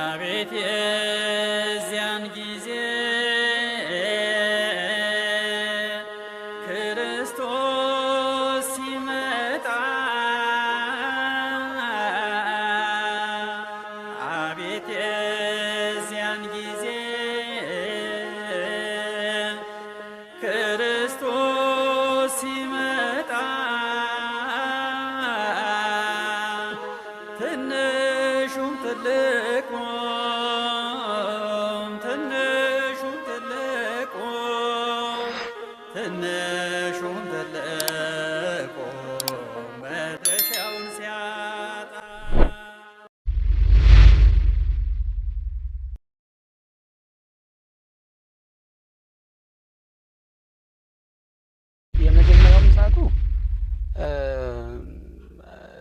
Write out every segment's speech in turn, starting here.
አቤት የዚያን ጊዜ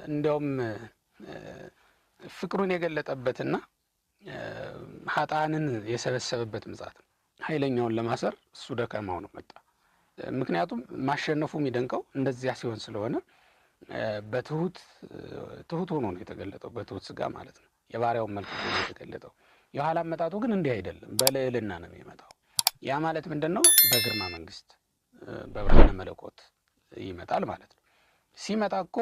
እንዲያውም ፍቅሩን የገለጠበትና ሀጣንን የሰበሰበበት ምጽአት ነው። ኃይለኛውን ለማሰር እሱ ደካማው ነው መጣ። ምክንያቱም ማሸነፉ የሚደንቀው እንደዚያ ሲሆን ስለሆነ በትሁት ትሁት ሆኖ ነው የተገለጠው፣ በትሁት ስጋ ማለት ነው። የባሪያውን መልክ የተገለጠው። የኋላ መጣቱ ግን እንዲህ አይደለም፣ በልዕልና ነው የሚመጣው። ያ ማለት ምንድን ነው? በግርማ መንግስት፣ በብርሃነ መለኮት ይመጣል ማለት ነው። ሲመጣ እኮ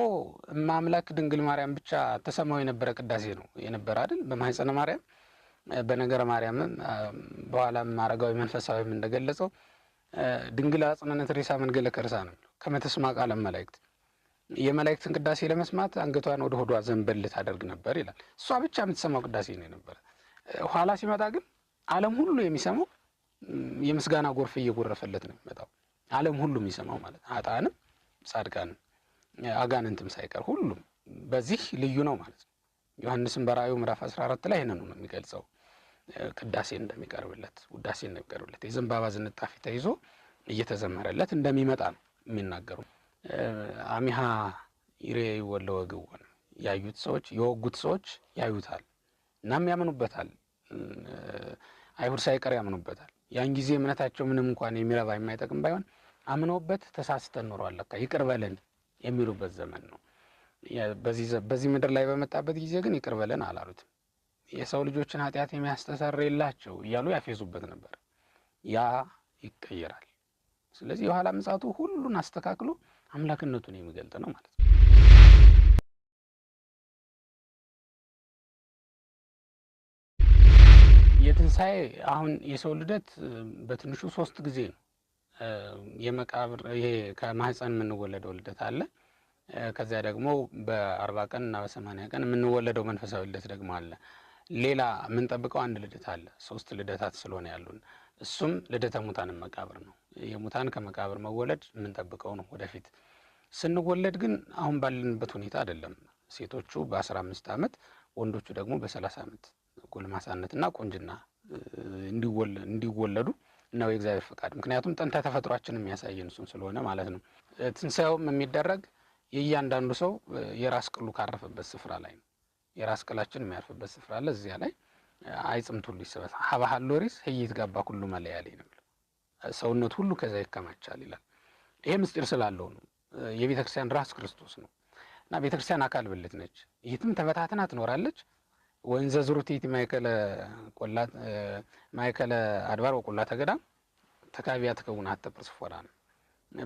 ማምላክ ድንግል ማርያም ብቻ ተሰማው የነበረ ቅዳሴ ነው የነበረ አይደል? በማህፀነ ማርያም በነገረ ማርያምም በኋላም አረጋዊ መንፈሳዊም እንደገለጸው ድንግል አጽንነት ሬሳ መንገለ ከርሳ ነው ከመተስማ ቃለ መላእክት የመላእክትን ቅዳሴ ለመስማት አንገቷን ወደ ሆዷ ዘንበል ልታደርግ ነበር ይላል። እሷ ብቻ የምትሰማው ቅዳሴ ነው የነበረ። ኋላ ሲመጣ ግን ዓለም ሁሉ የሚሰማው የምስጋና ጎርፍ እየጎረፈለት ነው የሚመጣው። ዓለም ሁሉ የሚሰማው ማለት አጣንም ጻድቃንም አጋንንትም ሳይቀር ሁሉም በዚህ ልዩ ነው ማለት ነው። ዮሐንስም በራእዩ ምዕራፍ 14 ላይ ይህንኑ ነው የሚገልጸው። ቅዳሴ እንደሚቀርብለት ውዳሴ እንደሚቀርብለት የዘንባባ ዝንጣፊ ተይዞ እየተዘመረለት እንደሚመጣ ነው የሚናገሩ። አሚሃ ይሬ ወለ ወግወን ያዩት ሰዎች የወጉት ሰዎች ያዩታል፣ እናም ያምኑበታል። አይሁድ ሳይቀር ያምኑበታል። ያን ጊዜ እምነታቸው ምንም እንኳን የሚረባ የማይጠቅም ባይሆን አምኖበት ተሳስተን ኖሯል ለካ ይቅር በለን የሚሉበት ዘመን ነው። በዚህ ምድር ላይ በመጣበት ጊዜ ግን ይቅር በለን አላሉትም። የሰው ልጆችን ኃጢአት የሚያስተሰር የላቸው እያሉ ያፌዙበት ነበር። ያ ይቀየራል። ስለዚህ የኋላ ምጻቱ ሁሉን አስተካክሎ አምላክነቱን የሚገልጥ ነው ማለት ነው። የትንሣኤ አሁን የሰው ልደት በትንሹ ሶስት ጊዜ ነው። የመቃብር ይሄ ከማህፀን የምንወለደው ልደት አለ። ከዚያ ደግሞ በአርባ ቀን እና በሰማንያ ቀን የምንወለደው መንፈሳዊ ልደት ደግሞ አለ። ሌላ የምንጠብቀው አንድ ልደት አለ። ሶስት ልደታት ስለሆነ ያሉን እሱም ልደተ ሙታንን መቃብር ነው። የሙታን ከመቃብር መወለድ የምንጠብቀው ነው። ወደፊት ስንወለድ ግን አሁን ባለንበት ሁኔታ አይደለም። ሴቶቹ በአስራ አምስት ዓመት ወንዶቹ ደግሞ በሰላሳ ዓመት ጎልማሳነትና ቆንጅና እንዲወለዱ ነው የእግዚአብሔር ፈቃድ። ምክንያቱም ጥንተ ተፈጥሯችን የሚያሳየን እሱን ስለሆነ ማለት ነው። ትንሣኤውም የሚደረግ የእያንዳንዱ ሰው የራስ ቅሉ ካረፈበት ስፍራ ላይ ነው። የራስ ቅላችን የሚያርፍበት ስፍራ አለ። እዚያ ላይ አይጽምት ሁሉ ይሰበታ ሀባሃል ሎሪስ ህይት ጋባ ሁሉ መለያ ላይ ነው። ሰውነት ሁሉ ከዛ ይከማቻል ይላል። ይሄ ምስጢር ስላለው ነው። የቤተክርስቲያን ራስ ክርስቶስ ነው እና ቤተክርስቲያን አካል ብልት ነች። የትም ተበታትና ትኖራለች። ወንዘ ዝሩቲት ማይከለ ቆላት ማእከለ አድባር ወቆላተ ገዳም ተካቢያ ተከውና አተብርስ ፎራን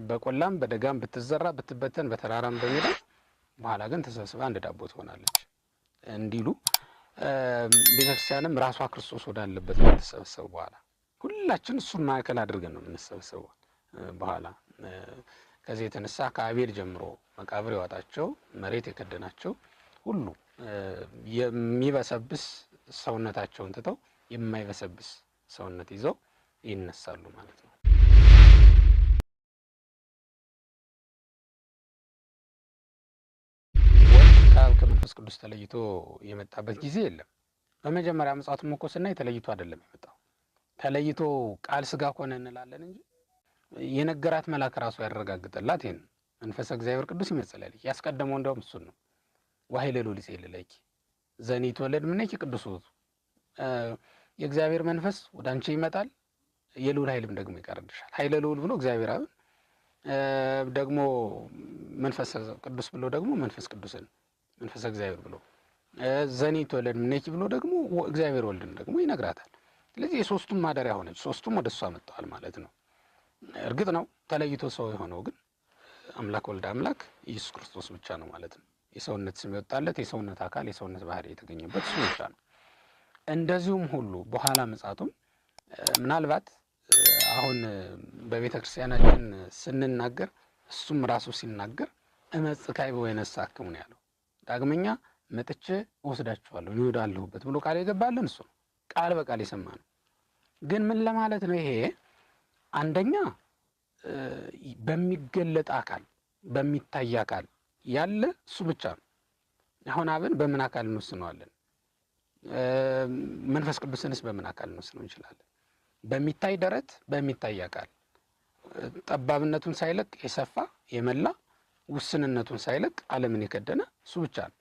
በቆላም በደጋም ብትዘራ ብትበተን በተራራም በሜዳ በኋላ ግን ተሰብስባ አንድ ዳቦ ትሆናለች እንዲሉ ቤተክርስቲያንም ራሷ ክርስቶስ ወዳለበት ነው የምትሰበሰቡ። በኋላ ሁላችን እሱን ማዕከል አድርገን ነው የምንሰበሰቡ። በኋላ ከዚህ የተነሳ ከአቤል ጀምሮ መቃብር የዋጣቸው መሬት የከደናቸው ሁሉ የሚበሰብስ ሰውነታቸውን ትተው የማይበሰብስ ሰውነት ይዘው ይነሳሉ ማለት ነው። ቃል ከመንፈስ ቅዱስ ተለይቶ የመጣበት ጊዜ የለም። በመጀመሪያ ምጽአቱ እኮ ስናይ ተለይቶ አይደለም የመጣው። ተለይቶ ቃል ስጋ ኮነ እንላለን እንጂ የነገራት መልአክ ራሱ ያረጋግጠላት ይህን መንፈሰ እግዚአብሔር ቅዱስ ይመጸላል። ያስቀደመው እንደውም እሱን ነው። ዋሀይለ ሎሊሴ ልለኪ ዘኒ ተወለድ ምነኪ ቅዱስ ውእቱ የእግዚአብሔር መንፈስ ወደ አንቺ ይመጣል፣ የልዑል ኃይልም ደግሞ ይቀርልሻል። ኃይለ ልዑል ብሎ እግዚአብሔር አብን ደግሞ መንፈስ ቅዱስ ብሎ ደግሞ መንፈስ ቅዱስን መንፈስ እግዚአብሔር ብሎ ዘኒ ተወለድ ምኔኪ ብሎ ደግሞ እግዚአብሔር ወልድን ደግሞ ይነግራታል። ስለዚህ የሶስቱም ማደሪያ ሆነች፣ ሶስቱም ወደ እሷ መጥተዋል ማለት ነው። እርግጥ ነው ተለይቶ ሰው የሆነው ግን አምላክ ወልድ አምላክ ኢየሱስ ክርስቶስ ብቻ ነው ማለት ነው። የሰውነት ስም የወጣለት የሰውነት አካል የሰውነት ባህሪ የተገኘበት እሱ ብቻ ነው። እንደዚሁም ሁሉ በኋላ ምጽአቱም ምናልባት አሁን በቤተ ክርስቲያናችን ስንናገር እሱም ራሱ ሲናገር እመጽእካይ ወእነሳክሙ ነው ያለው። ዳግመኛ መጥቼ እወስዳችኋለሁ እኔ ብሎ ቃል የገባለን እሱ ነው። ቃል በቃል የሰማ ነው። ግን ምን ለማለት ነው ይሄ? አንደኛ በሚገለጥ አካል በሚታይ አካል ያለ እሱ ብቻ ነው። አሁን አብን በምን አካል እንወስነዋለን? መንፈስ ቅዱስንስ በምን አካል እንወስነው እንችላለን? በሚታይ ደረት፣ በሚታይ አካል ጠባብነቱን ሳይለቅ የሰፋ የመላ ውስንነቱን ሳይለቅ ዓለምን የከደነ እሱ ብቻ ነው።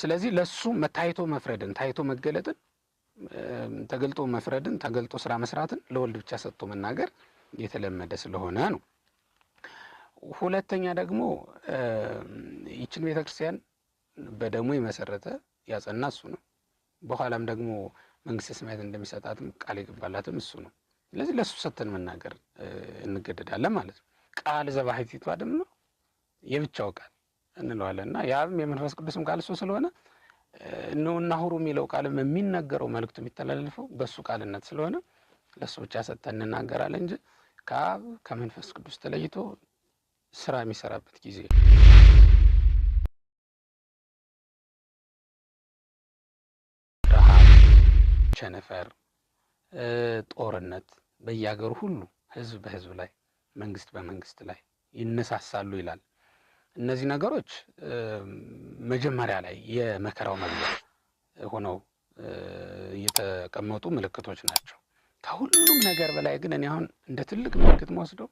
ስለዚህ ለሱ ታይቶ መፍረድን ታይቶ መገለጥን ተገልጦ መፍረድን ተገልጦ ስራ መስራትን ለወልድ ብቻ ሰጥቶ መናገር የተለመደ ስለሆነ ነው። ሁለተኛ ደግሞ ይችን ቤተ ክርስቲያን በደሙ የመሰረተ ያጸና እሱ ነው። በኋላም ደግሞ መንግስተ ሰማያት እንደሚሰጣትም ቃል የገባላትም እሱ ነው። ስለዚህ ለእሱ ሰተን መናገር እንገደዳለን ማለት ነው። ቃል አደም ነው የብቻው ቃል እንለዋለን እና ያም የመንፈስ ቅዱስም ቃል እሱ ስለሆነ እነሆና የሚለው ቃልም የሚነገረው መልእክቱ የሚተላለፈው በእሱ ቃልነት ስለሆነ ለእሱ ብቻ ሰተን እንናገራለን እንጂ ከአብ ከመንፈስ ቅዱስ ተለይቶ ስራ የሚሰራበት ጊዜ ረሃብ፣ ቸነፈር፣ ጦርነት በየሀገሩ ሁሉ ህዝብ በህዝብ ላይ መንግስት በመንግስት ላይ ይነሳሳሉ ይላል። እነዚህ ነገሮች መጀመሪያ ላይ የመከራው መግቢያ ሆነው የተቀመጡ ምልክቶች ናቸው። ከሁሉም ነገር በላይ ግን እኔ አሁን እንደ ትልቅ ምልክት መወስደው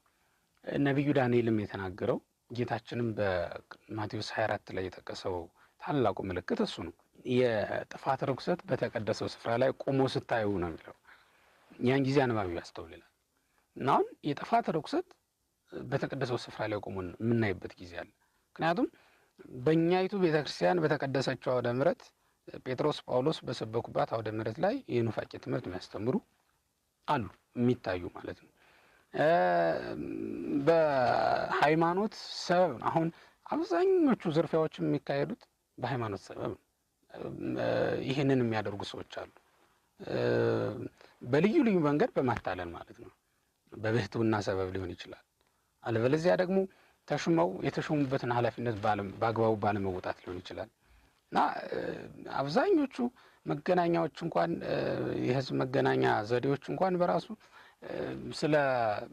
ነቢዩ ዳንኤልም የተናገረው ጌታችንም በማቴዎስ 24 ላይ የጠቀሰው ታላቁ ምልክት እሱ ነው። የጥፋት ርኩሰት በተቀደሰው ስፍራ ላይ ቆሞ ስታዩ ነው የሚለው። ያን ጊዜ አንባቢው ያስተውልላል። እና አሁን የጥፋት ርኩሰት በተቀደሰው ስፍራ ላይ ቆሞ የምናይበት ጊዜ አለ። ምክንያቱም በእኛይቱ ቤተ ክርስቲያን በተቀደሰችው አውደ ምረት ጴጥሮስ ጳውሎስ በሰበኩባት አውደ ምረት ላይ የኑፋቄ ትምህርት የሚያስተምሩ አሉ የሚታዩ ማለት ነው። በሃይማኖት ሰበብ ነው። አሁን አብዛኞቹ ዝርፊያዎች የሚካሄዱት በሃይማኖት ሰበብ ነው። ይህንን የሚያደርጉ ሰዎች አሉ። በልዩ ልዩ መንገድ በማታለል ማለት ነው። በብህትውና ሰበብ ሊሆን ይችላል። አለበለዚያ ደግሞ ተሹመው የተሾሙበትን ኃላፊነት በአግባቡ ባለመውጣት ሊሆን ይችላል እና አብዛኞቹ መገናኛዎች እንኳን የህዝብ መገናኛ ዘዴዎች እንኳን በራሱ ስለ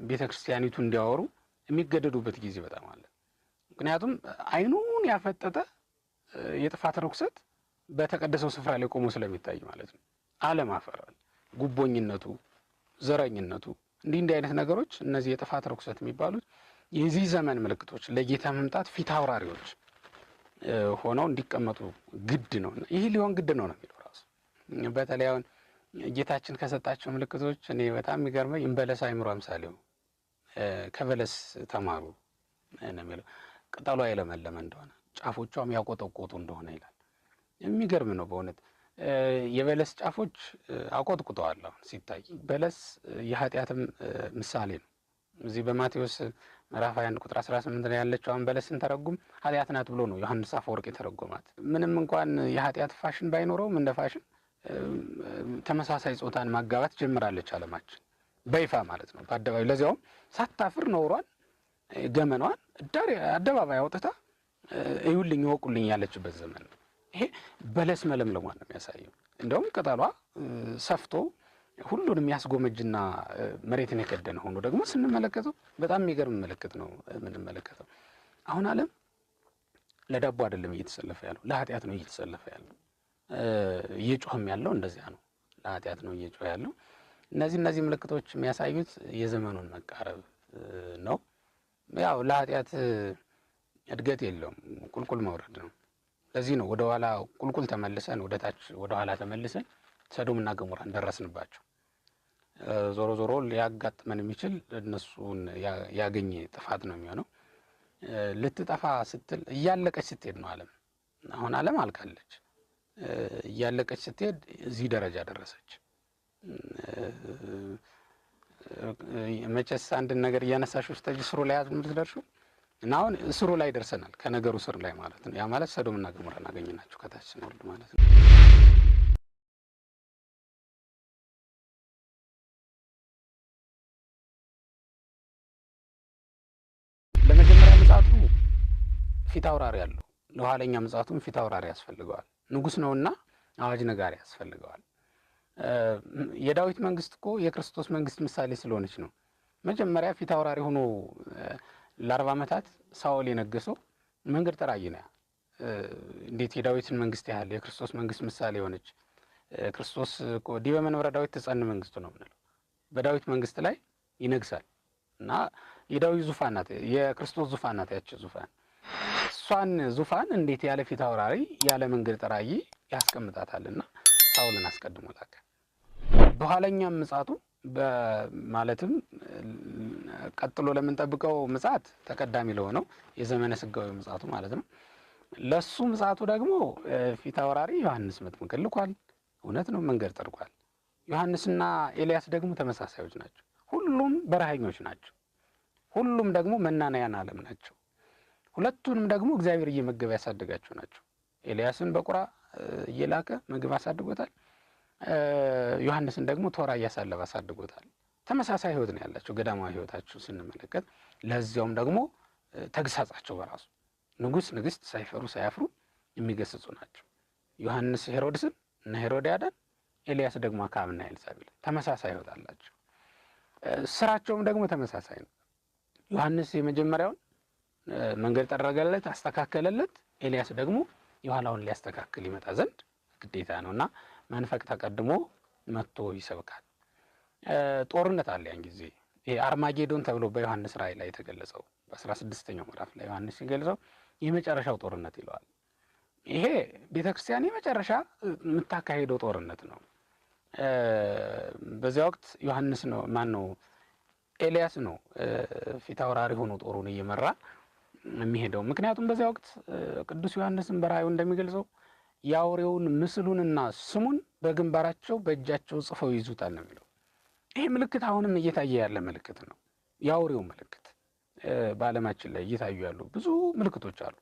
ቤተ ክርስቲያኒቱ እንዲያወሩ የሚገደዱበት ጊዜ በጣም አለ። ምክንያቱም አይኑን ያፈጠጠ የጥፋት ርኩሰት በተቀደሰው ስፍራ ላይ ቆሞ ስለሚታይ ማለት ነው። አለማፈራል፣ ጉቦኝነቱ፣ ዘረኝነቱ እንዲህ እንዲህ አይነት ነገሮች እነዚህ የጥፋት ርኩሰት የሚባሉት የዚህ ዘመን ምልክቶች ለጌታ መምጣት ፊት አውራሪዎች ሆነው እንዲቀመጡ ግድ ነው። ይህ ሊሆን ግድ ነው ነው የሚለው ራሱ በተለይ አሁን ጌታችን ከሰጣቸው ምልክቶች እኔ በጣም የሚገርመኝ እንበለስ አይምሮ አምሳሌው ከበለስ ተማሩ ነው። ቅጠሏ የለመለመ እንደሆነ ጫፎቿም ያቆጠቆጡ እንደሆነ ይላል። የሚገርም ነው በእውነት የበለስ ጫፎች አቆጥቁጠዋል። አሁን ሲታይ በለስ የኃጢአትም ምሳሌ ነው። እዚህ በማቴዎስ ምዕራፍ 21 ቁጥር 18 ላይ ያለችው አሁን በለስን ተረጉም ኃጢአት ናት ብሎ ነው ዮሐንስ አፈወርቅ የተረጎማት። ምንም እንኳን የኃጢአት ፋሽን ባይኖረውም እንደ ፋሽን ተመሳሳይ ጾታን ማጋባት ጀምራለች አለማችን በይፋ ማለት ነው። በአደባባይ ለዚያውም ሳታፍር ኖሯን ገመኗን አደባባይ አውጥታ እዩልኝ ወቁልኝ ያለችበት ዘመን ነው። ይሄ በለስ መለምለሟን ነው የሚያሳየው። እንደውም ቅጠሏ ሰፍቶ ሁሉንም ያስጎመጅና መሬትን የከደነ ሆኖ ደግሞ ስንመለከተው በጣም የሚገርም መለከት ነው የምንመለከተው። አሁን አለም ለዳቦ አይደለም እየተሰለፈ ያለው ለኃጢአት ነው እየተሰለፈ ያለው። እየጮህም ያለው እንደዚያ ነው። ለኃጢአት ነው እየጮህ ያለው። እነዚህ እነዚህ ምልክቶች የሚያሳዩት የዘመኑን መቃረብ ነው። ያው ለኃጢአት እድገት የለውም፣ ቁልቁል መውረድ ነው። ለዚህ ነው ወደኋላ ቁልቁል ተመልሰን ወደታች ወደኋላ ተመልሰን ሰዶምና ገሞራን ደረስንባቸው። ዞሮ ዞሮ ሊያጋጥመን የሚችል እነሱን ያገኘ ጥፋት ነው የሚሆነው። ልትጠፋ ስትል እያለቀች ስትሄድ ነው ዓለም። አሁን ዓለም አልቃለች። እያለቀች ስትሄድ እዚህ ደረጃ ደረሰች። መቼስ አንድን ነገር እያነሳሽ ውስጥ ስሩ ላይ የምትደርሹ እና አሁን ስሩ ላይ ደርሰናል። ከነገሩ ስር ላይ ማለት ነው። ያ ማለት ሰዶምና ገሞራን አገኘናቸው ከታች ስንወርድ ማለት ነው። ለመጀመሪያ ፊት አውራሪ አለው። ለኋለኛ ምጽአቱም ፊት አውራሪ ያስፈልገዋል። ንጉስ ነውና አዋጅ ነጋሪ ያስፈልገዋል። የዳዊት መንግስት እኮ የክርስቶስ መንግስት ምሳሌ ስለሆነች ነው። መጀመሪያ ፊት አውራሪ ሆኖ ለአርባ ዓመታት ሳኦል የነገሰው መንገድ ጠራጊ ነው። እንዴት የዳዊትን መንግስት ያህል የክርስቶስ መንግስት ምሳሌ የሆነች ክርስቶስ ዲበ መንበረ ዳዊት ተጸን መንግስቱ ነው ምንለው በዳዊት መንግስት ላይ ይነግሳል እና የዳዊት ዙፋን ናት፣ የክርስቶስ ዙፋን ናት ዙፋን የእሷን ዙፋን እንዴት ያለ ፊት አውራሪ ያለ መንገድ ጠራይ ያስቀምጣታልና ሳውልን አስቀድሞ ላከ። በኋለኛም ምጻቱ ማለትም ቀጥሎ ለምንጠብቀው ምጻት ተቀዳሚ ለሆነው የዘመነ ስጋዊ ምጻቱ ማለት ነው። ለሱ ምጻቱ ደግሞ ፊት አውራሪ ዮሐንስ መጥምቅ ልኳል። እውነት ነው፣ መንገድ ጠርጓል። ዮሐንስና ኤልያስ ደግሞ ተመሳሳዮች ናቸው። ሁሉም በረሃኞች ናቸው። ሁሉም ደግሞ መናንያን ዓለም ናቸው። ሁለቱንም ደግሞ እግዚአብሔር እየመገበ ያሳደጋቸው ናቸው። ኤልያስን በቁራ እየላከ ምግብ አሳድጎታል። ዮሐንስን ደግሞ ቶራ እያሳለፈ አሳድጎታል። ተመሳሳይ ህይወት ነው ያላቸው። ገዳማዊ ህይወታቸው ስንመለከት ለዚያውም ደግሞ ተግሳጻቸው በራሱ ንጉሥ ንግሥት ሳይፈሩ ሳያፍሩ የሚገስጹ ናቸው። ዮሐንስ ሄሮድስን እና ሄሮዲያዳን፣ ኤልያስ ደግሞ አክዓብና ኤልዛቤል ተመሳሳይ ህይወት አላቸው። ስራቸውም ደግሞ ተመሳሳይ ነው። ዮሐንስ የመጀመሪያውን መንገድ ጠረገለት፣ አስተካከለለት። ኤልያስ ደግሞ የኋላውን ሊያስተካክል ይመጣ ዘንድ ግዴታ ነው እና መንፈቅ ተቀድሞ መጥቶ ይሰብካል። ጦርነት አለ። ያን ጊዜ አርማጌዶን ተብሎ በዮሐንስ ራእይ ላይ የተገለጸው በአስራ ስድስተኛው ምዕራፍ ላይ ዮሐንስ ሲገልጸው የመጨረሻው ጦርነት ይለዋል። ይሄ ቤተ ክርስቲያን የመጨረሻ የምታካሄደው ጦርነት ነው። በዚያ ወቅት ዮሐንስ ነው ማን ነው ኤልያስ ነው ፊት አውራሪ ሆኖ ጦሩን እየመራ የሚሄደው። ምክንያቱም በዚያ ወቅት ቅዱስ ዮሐንስን በራእዩ እንደሚገልጸው የአውሬውን ምስሉንና ስሙን በግንባራቸው በእጃቸው ጽፈው ይዙታል ነው የሚለው። ይሄ ምልክት አሁንም እየታየ ያለ ምልክት ነው። የአውሬው ምልክት በዓለማችን ላይ እየታዩ ያሉ ብዙ ምልክቶች አሉ።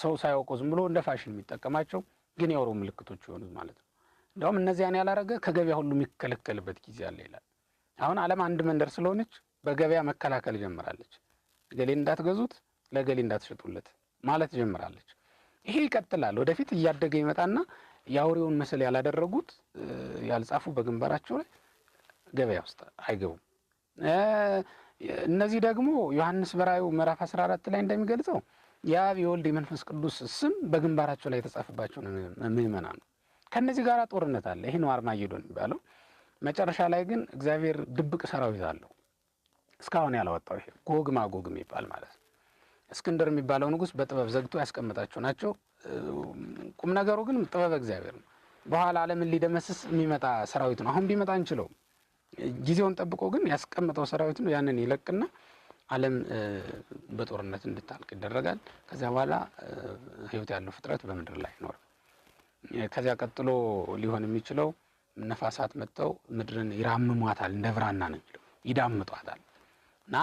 ሰው ሳያውቀው ዝም ብሎ እንደ ፋሽን የሚጠቀማቸው ግን የአውሬው ምልክቶች የሆኑት ማለት ነው። እንዲሁም እነዚያን ያላረገ ከገበያ ሁሉ የሚከለከልበት ጊዜ አለ ይላል። አሁን ዓለም አንድ መንደር ስለሆነች በገበያ መከላከል ጀምራለች። ገሌን እንዳትገዙት ለገሌ እንዳትሸጡለት ማለት ጀምራለች። ይሄ ይቀጥላል። ወደፊት እያደገ ይመጣና የአውሬውን ምስል ያላደረጉት ያልጻፉ በግንባራቸው ላይ ገበያ ውስጥ አይገቡም። እነዚህ ደግሞ ዮሐንስ በራዩ ምዕራፍ 14 ላይ እንደሚገልጸው የአብ የወልድ የመንፈስ ቅዱስ ስም በግንባራቸው ላይ የተጻፈባቸው ምእመና ነው። ከእነዚህ ጋር ጦርነት አለ። ይህ ነው አርማጌዶን የሚባለው። መጨረሻ ላይ ግን እግዚአብሔር ድብቅ ሰራዊት አለው። እስካሁን ያላወጣው ይሄ ጎግ ማጎግ የሚባል ማለት ነው። እስክንድር የሚባለው ንጉስ በጥበብ ዘግቶ ያስቀመጣቸው ናቸው። ቁም ነገሩ ግን ጥበብ እግዚአብሔር ነው። በኋላ ዓለምን ሊደመስስ የሚመጣ ሰራዊት ነው። አሁን ቢመጣ እንችለው ጊዜውን ጠብቆ ግን ያስቀመጠው ሰራዊት ነው። ያንን ይለቅና ዓለም በጦርነት እንድታልቅ ይደረጋል። ከዚያ በኋላ ህይወት ያለው ፍጥረት በምድር ላይ አይኖርም። ከዚያ ቀጥሎ ሊሆን የሚችለው ነፋሳት መጥተው ምድርን ይራምሟታል። እንደ ብራና ነው የሚለው ይዳምጧታል። እና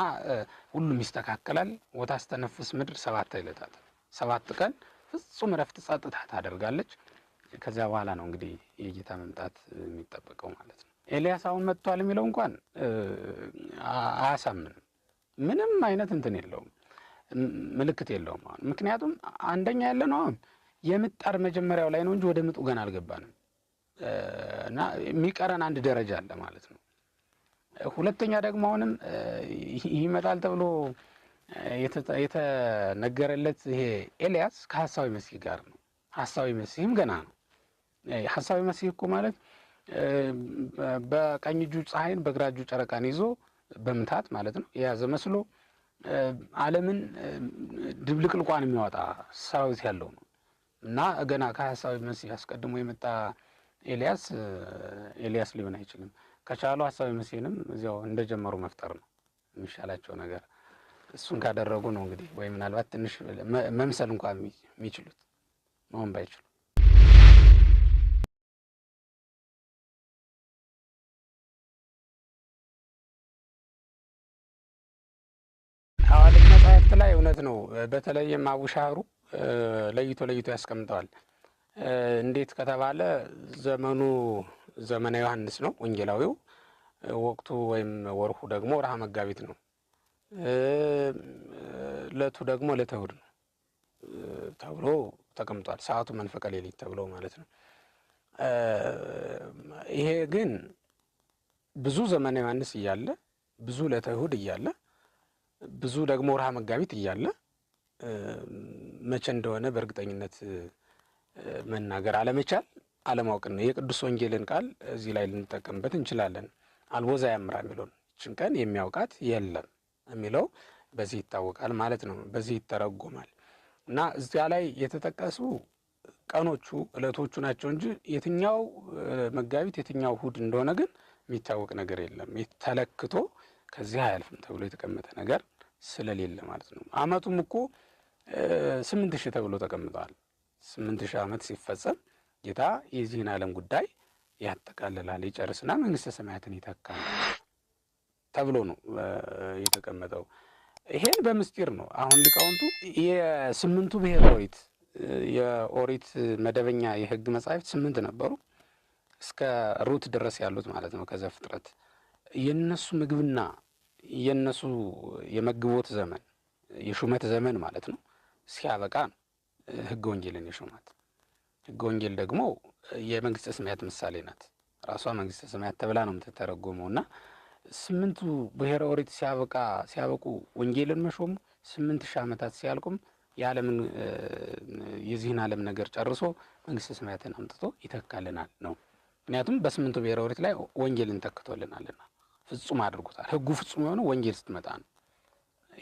ሁሉም ይስተካከላል። ወታስተነፍስ ምድር ሰባት ዕለታት ሰባት ቀን ፍጹም እረፍት ጸጥታ ታደርጋለች። ከዚያ በኋላ ነው እንግዲህ የጌታ መምጣት የሚጠበቀው ማለት ነው። ኤልያስ አሁን መጥቷል የሚለው እንኳን አያሳምንም። ምንም አይነት እንትን የለውም፣ ምልክት የለውም። አሁን ምክንያቱም አንደኛ ያለ ነው አሁን የምጣር መጀመሪያው ላይ ነው እንጂ ወደ ምጡ ገና አልገባንም እና የሚቀረን አንድ ደረጃ አለ ማለት ነው። ሁለተኛ ደግሞ አሁንም ይመጣል ተብሎ የተነገረለት ይሄ ኤልያስ ከሀሳዊ መሲህ ጋር ነው። ሀሳዊ መሲህም ገና ነው። ሀሳዊ መሲህ እኮ ማለት በቀኝ እጁ ፀሐይን በግራ እጁ ጨረቃን ይዞ በምታት ማለት ነው የያዘ መስሎ ዓለምን ድብልቅልቋን የሚያወጣ ሰራዊት ያለው ነው እና ገና ከሀሳዊ መሲህ አስቀድሞ የመጣ ኤልያስ ኤልያስ ሊሆን አይችልም። ከቻሉ ሀሳብ መሲንም እዚያው እንደጀመሩ መፍጠር ነው የሚሻላቸው ነገር። እሱን ካደረጉ ነው እንግዲህ ወይ ምናልባት ትንሽ መምሰል እንኳ የሚችሉት መሆን ባይችሉ ሐዋልድ መጽሐፍት ላይ እውነት ነው። በተለይም አቡሻህሩ ለይቶ ለይቶ ያስቀምጠዋል። እንዴት ከተባለ ዘመኑ ዘመነ ዮሐንስ ነው ወንጌላዊው። ወቅቱ ወይም ወርሁ ደግሞ ወርሃ መጋቢት ነው። ለቱ ደግሞ ዕለተ እሑድ ነው ተብሎ ተቀምጧል። ሰዓቱ መንፈቀ ሌሊት ተብሎ ማለት ነው። ይሄ ግን ብዙ ዘመነ ዮሐንስ እያለ ብዙ ዕለተ እሑድ እያለ ብዙ ደግሞ ወርሃ መጋቢት እያለ መቼ እንደሆነ በእርግጠኝነት መናገር አለመቻል አለማወቅ ነው። የቅዱስ ወንጌልን ቃል እዚህ ላይ ልንጠቀምበት እንችላለን። አልቦዛ ያምራ የሚለውን ይችን ቀን የሚያውቃት የለም የሚለው በዚህ ይታወቃል ማለት ነው። በዚህ ይተረጎማል እና እዚያ ላይ የተጠቀሱ ቀኖቹ እለቶቹ ናቸው እንጂ የትኛው መጋቢት የትኛው እሁድ እንደሆነ ግን የሚታወቅ ነገር የለም። ተለክቶ ከዚህ አያልፍም ተብሎ የተቀመጠ ነገር ስለሌለ ማለት ነው። አመቱም እኮ ስምንት ሺህ ተብሎ ተቀምጠዋል። ስምንት ሺህ ዓመት ሲፈጸም ጌታ የዚህን ዓለም ጉዳይ ያጠቃልላል፣ ይጨርስና መንግስተ ሰማያትን ይተካል ተብሎ ነው የተቀመጠው። ይሄን በምስጢር ነው አሁን ሊቃውንቱ የስምንቱ ብሔር ኦሪት የኦሪት መደበኛ የህግ መጻሕፍት ስምንት ነበሩ እስከ ሩት ድረስ ያሉት ማለት ነው። ከዘፍጥረት የነሱ ምግብና የነሱ የመግቦት ዘመን የሹመት ዘመን ማለት ነው ሲያበቃ ነው ህገ ወንጌልን የሹማት ህገ ወንጌል ደግሞ የመንግስተ ሰማያት ምሳሌ ናት። ራሷ መንግስተ ሰማያት ተብላ ነው የምትተረጎመው እና ስምንቱ ብሔረ ኦሪት ሲያበቃ ሲያበቁ ወንጌልን መሾሙ ስምንት ሺህ ዓመታት ሲያልቁም የዓለምን የዚህን ዓለም ነገር ጨርሶ መንግስተ ሰማያትን አምጥቶ ይተካልናል ነው። ምክንያቱም በስምንቱ ብሔረ ኦሪት ላይ ወንጌልን ተክቶልናልና ፍጹም አድርጎታል። ህጉ ፍጹም የሆነ ወንጌል ስትመጣ ነው።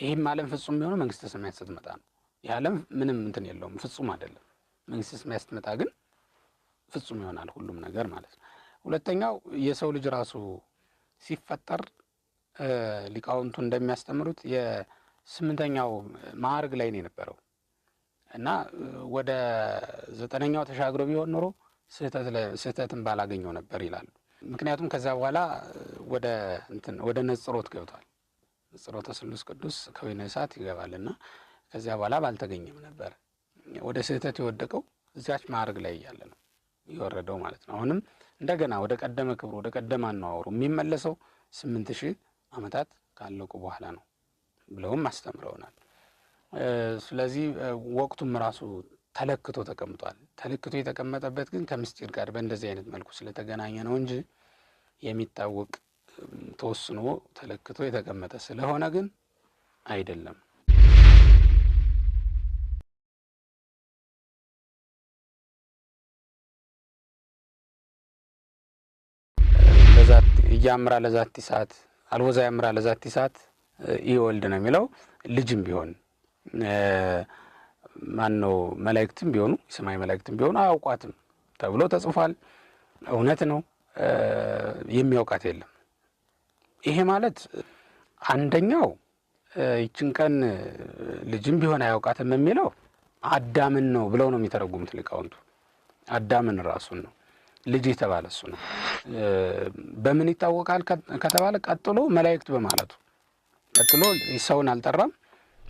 ይህም ዓለም ፍጹም የሆነ መንግስተ ሰማያት ስትመጣ ነው። የዓለም ምንም እንትን የለውም፣ ፍጹም አይደለም። መንግስት የሚያስመጣ ግን ፍጹም ይሆናል ሁሉም ነገር ማለት ነው። ሁለተኛው የሰው ልጅ ራሱ ሲፈጠር ሊቃውንቱ እንደሚያስተምሩት የስምንተኛው ማዕርግ ላይ ነው የነበረው እና ወደ ዘጠነኛው ተሻግሮ ቢሆን ኖሮ ስህተትን ባላገኘው ነበር ይላሉ። ምክንያቱም ከዛ በኋላ ወደ እንትን ወደ ነጽሮት ገብቷል። ነጽሮተ ስሉስ ቅዱስ ከወይነ እሳት ይገባልና ከዚያ በኋላ ባልተገኘም ነበር። ወደ ስህተት የወደቀው እዚያች ማዕረግ ላይ እያለ ነው የወረደው ማለት ነው። አሁንም እንደገና ወደ ቀደመ ክብሩ ወደ ቀደመ አነዋወሩ የሚመለሰው ስምንት ሺህ ዓመታት ካለቁ በኋላ ነው ብለውም አስተምረውናል። ስለዚህ ወቅቱም ራሱ ተለክቶ ተቀምጧል። ተለክቶ የተቀመጠበት ግን ከምስጢር ጋር በእንደዚህ አይነት መልኩ ስለተገናኘ ነው እንጂ የሚታወቅ ተወስኖ ተለክቶ የተቀመጠ ስለሆነ ግን አይደለም። ያምራ ለዛቲ ሰዓት አልወዛ ያምራ ለዛቲ ሰዓት ይወልድ ነው የሚለው ልጅም ቢሆን ማን ነው መላእክትም ቢሆኑ የሰማይ መላእክትም ቢሆኑ አያውቋትም ተብሎ ተጽፏል። እውነት ነው፣ የሚያውቃት የለም። ይሄ ማለት አንደኛው ይችን ቀን ልጅም ቢሆን አያውቃትም የሚለው አዳምን ነው ብለው ነው የሚተረጉሙት ሊቃውንቱ። አዳምን ራሱን ነው ልጅ የተባለ እሱ ነው። በምን ይታወቃል ከተባለ ቀጥሎ መላእክት በማለቱ ቀጥሎ ሰውን አልጠራም፣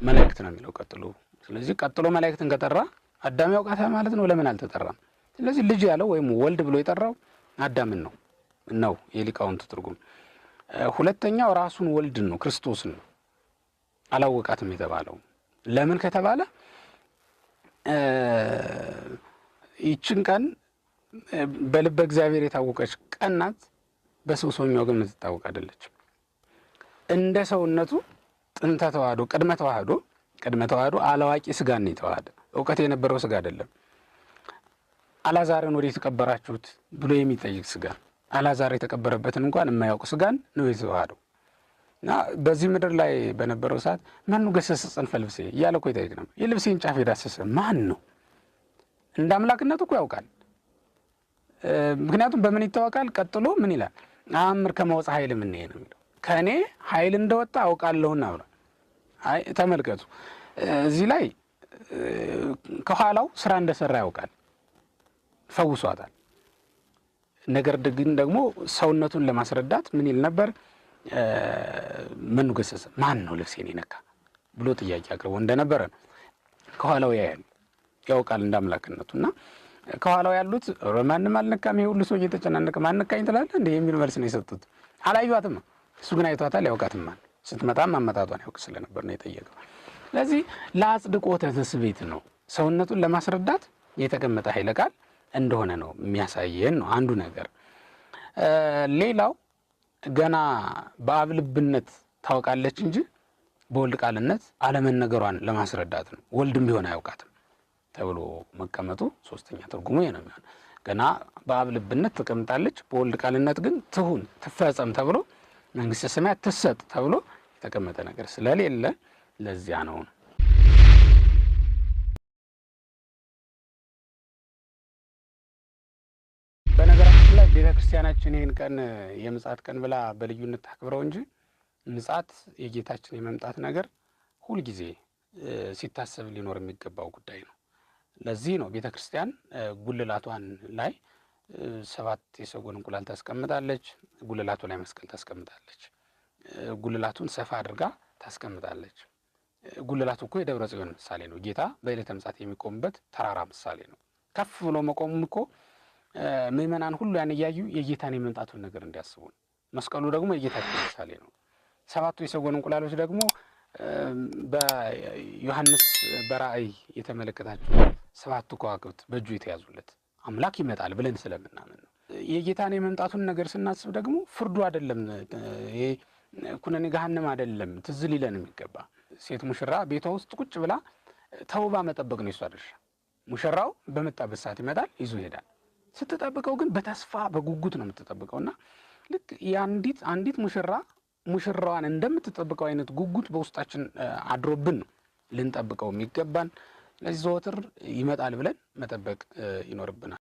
መላእክት ነው የሚለው ቀጥሎ። ስለዚህ ቀጥሎ መላእክትን ከጠራ አዳም ያውቃታል ማለት ነው። ለምን አልተጠራም? ስለዚህ ልጅ ያለው ወይም ወልድ ብሎ የጠራው አዳምን ነው ነው የሊቃውንት ትርጉም። ሁለተኛው ራሱን ወልድን ነው ክርስቶስን ነው አላወቃትም የተባለው ለምን ከተባለ ይችን ቀን በልበ እግዚአብሔር የታወቀች ቀናት በስብሶ የሚያወገን የምትታወቅ አይደለች እንደ ሰውነቱ ጥንተ ተዋህዶ ቅድመ ተዋህዶ ቅድመ ተዋህዶ አላዋቂ ስጋን ነው የተዋህደ እውቀት የነበረው ስጋ አይደለም። አላዛርን ወደ የተቀበራችሁት ብሎ የሚጠይቅ ስጋ አላዛር የተቀበረበትን እንኳን የማያውቅ ስጋን ነው የተዋህደው እና በዚህ ምድር ላይ በነበረው ሰዓት መኑ ገሰሰ ጽንፈ ልብሴ እያለ እኮ ይጠይቅ ነው። የልብሴን ጫፍ የዳሰሰ ማን ነው? እንደ አምላክነቱ እኮ ያውቃል ምክንያቱም በምን ይታወቃል? ቀጥሎ ምን ይላል? አእምር ከመወፅ ኃይል ምን ነው የሚለው ከእኔ ኃይል እንደወጣ አውቃለሁና ብሏል። አይ ተመልከቱ፣ እዚህ ላይ ከኋላው ስራ እንደሰራ ያውቃል፣ ፈውሷታል። ነገር ግን ደግሞ ሰውነቱን ለማስረዳት ምን ይል ነበር? መኑ ገሰሰ ማን ነው ልብሴን የነካ ብሎ ጥያቄ አቅርቦ እንደነበረ ነው። ከኋላው ያያል፣ ያውቃል እንዳምላክነቱ እና ከኋላው ያሉት ማንም አልነካም፣ ይሄ ሁሉ ሰው እየተጨናነቀ ማንካኝ ትላለ እንዲህ የሚል መልስ ነው የሰጡት። አላዩትም፣ እሱ ግን አይቷታል፣ ያውቃትማል። ስትመጣም አመጣቷን ያውቅ ስለነበር ነው የጠየቀው። ስለዚህ ለአጽድቆተ ትስብእት ነው ሰውነቱን ለማስረዳት የተቀመጠ ኃይለ ቃል እንደሆነ ነው የሚያሳየን ነው አንዱ ነገር። ሌላው ገና በአብ ልብነት ታውቃለች እንጂ በወልድ ቃልነት አለመነገሯን ለማስረዳት ነው። ወልድም ቢሆን አያውቃትም። ተብሎ መቀመጡ ሶስተኛ ትርጉሙ ነው የሚሆን። ገና በአብ ልብነት ተቀምጣለች፣ በወልድ ቃልነት ግን ትሁን ትፈጸም ተብሎ መንግስተ ሰማያት ትሰጥ ተብሎ የተቀመጠ ነገር ስለሌለ ለዚያ ነው ነው በነገራችን ላይ ቤተ ክርስቲያናችን ይህን ቀን የምጻት ቀን ብላ በልዩነት ታክብረው እንጂ ምጻት የጌታችን የመምጣት ነገር ሁልጊዜ ሲታሰብ ሊኖር የሚገባው ጉዳይ ነው። ለዚህ ነው ቤተ ክርስቲያን ጉልላቷን ላይ ሰባት የሰጎን እንቁላል ታስቀምጣለች። ጉልላቱ ላይ መስቀል ታስቀምጣለች። ጉልላቱን ሰፋ አድርጋ ታስቀምጣለች። ጉልላቱ እኮ የደብረ ጽዮን ምሳሌ ነው። ጌታ በዕለተ ምጽአት የሚቆምበት ተራራ ምሳሌ ነው። ከፍ ብሎ መቆሙም እኮ ምእመናን ሁሉ ያን እያዩ የጌታን የመምጣቱን ነገር እንዲያስቡ ነው። መስቀሉ ደግሞ የጌታችን ምሳሌ ነው። ሰባቱ የሰጎን እንቁላሎች ደግሞ በዮሐንስ በራእይ የተመለከታቸው ሰባቱ ከዋክብት በእጁ የተያዙለት አምላክ ይመጣል ብለን ስለምናምን ነው። የጌታን የመምጣቱን ነገር ስናስብ ደግሞ ፍርዱ አይደለም፣ ኩነኔ ገሃንም አይደለም ትዝ ሊለን የሚገባ ሴት ሙሽራ ቤቷ ውስጥ ቁጭ ብላ ተውባ መጠበቅ ነው የሷ ድርሻ። ሙሽራው በመጣበት ሰዓት ይመጣል፣ ይዞ ይሄዳል። ስትጠብቀው ግን በተስፋ በጉጉት ነው የምትጠብቀውና ልክ የአንዲት አንዲት ሙሽራ ሙሽራዋን እንደምትጠብቀው አይነት ጉጉት በውስጣችን አድሮብን ነው ልንጠብቀው የሚገባን ለዚህ ዘወትር ይመጣል ብለን መጠበቅ ይኖርብናል።